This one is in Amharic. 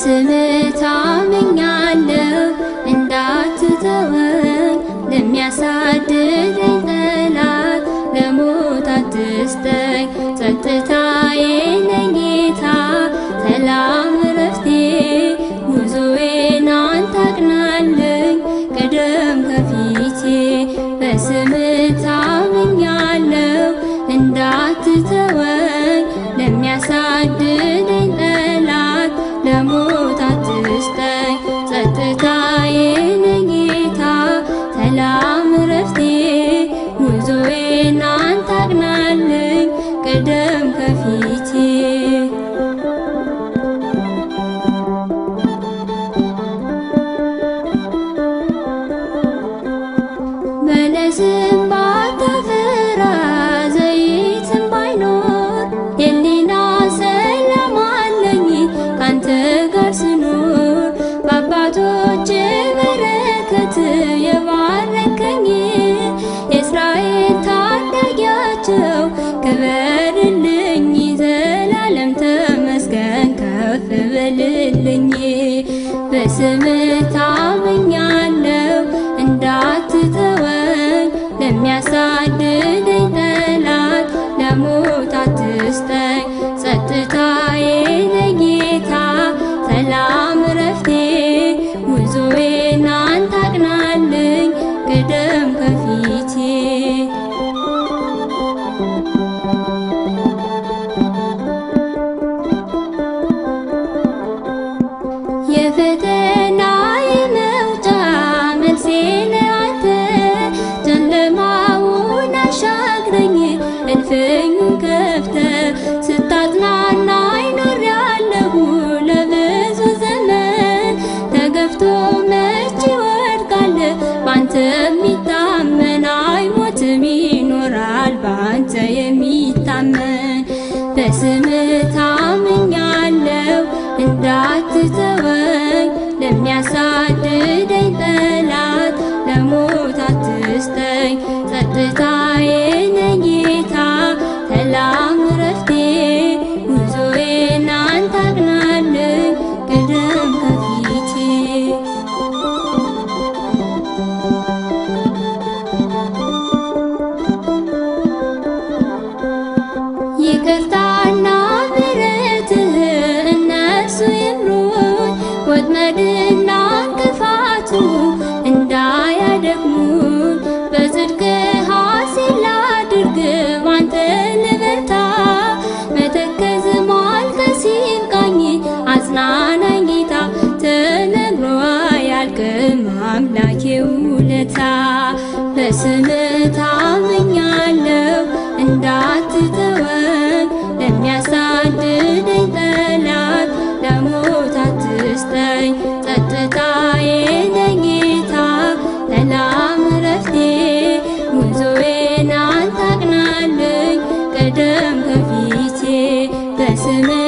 ስምህ ታምኛለ በስምህ ታምኛለሁ እንዳትተወኝ ለሚያሳድደኝ ጠላት ለሞት አትስጠኝ። ጸጥታዬ ነህ ጌታ ሰላም እረፍቴ ጉዞዬን አንተ አቅናልኝ ቅደም በስምህ ታምኛለው እንዳትተወን ለሚያሳድደኝ ጠላት ለሞት አትስጠኝ። ጸጥታዬ ለጌታ ሰላም ረፍቴ ጉዞዬን አንተ አቅናልኝ ቅደም ከፊቴ የፈተ በስምህ ታምኛለው እንዳትተወኝ ለሚያሳድደኝ ጠላት ለሞት አትስጠኝ። ጸጥታዬ ነኝታ ሰላም ረፍቴ ጉዞዬን አንተ አቅናልኝ ግደም ከፊቴ ይቅርታ ጌታ በስም ታምኛለሁ እንዳትተወን ለሚያሳድደኝ ጠላት ለሞት አትስጠኝ ጸጥታዬ ነህ ጌታ ሰላም ጉዞዬን አንተ አቅናልኝ ቀደም ከፊቴ በስም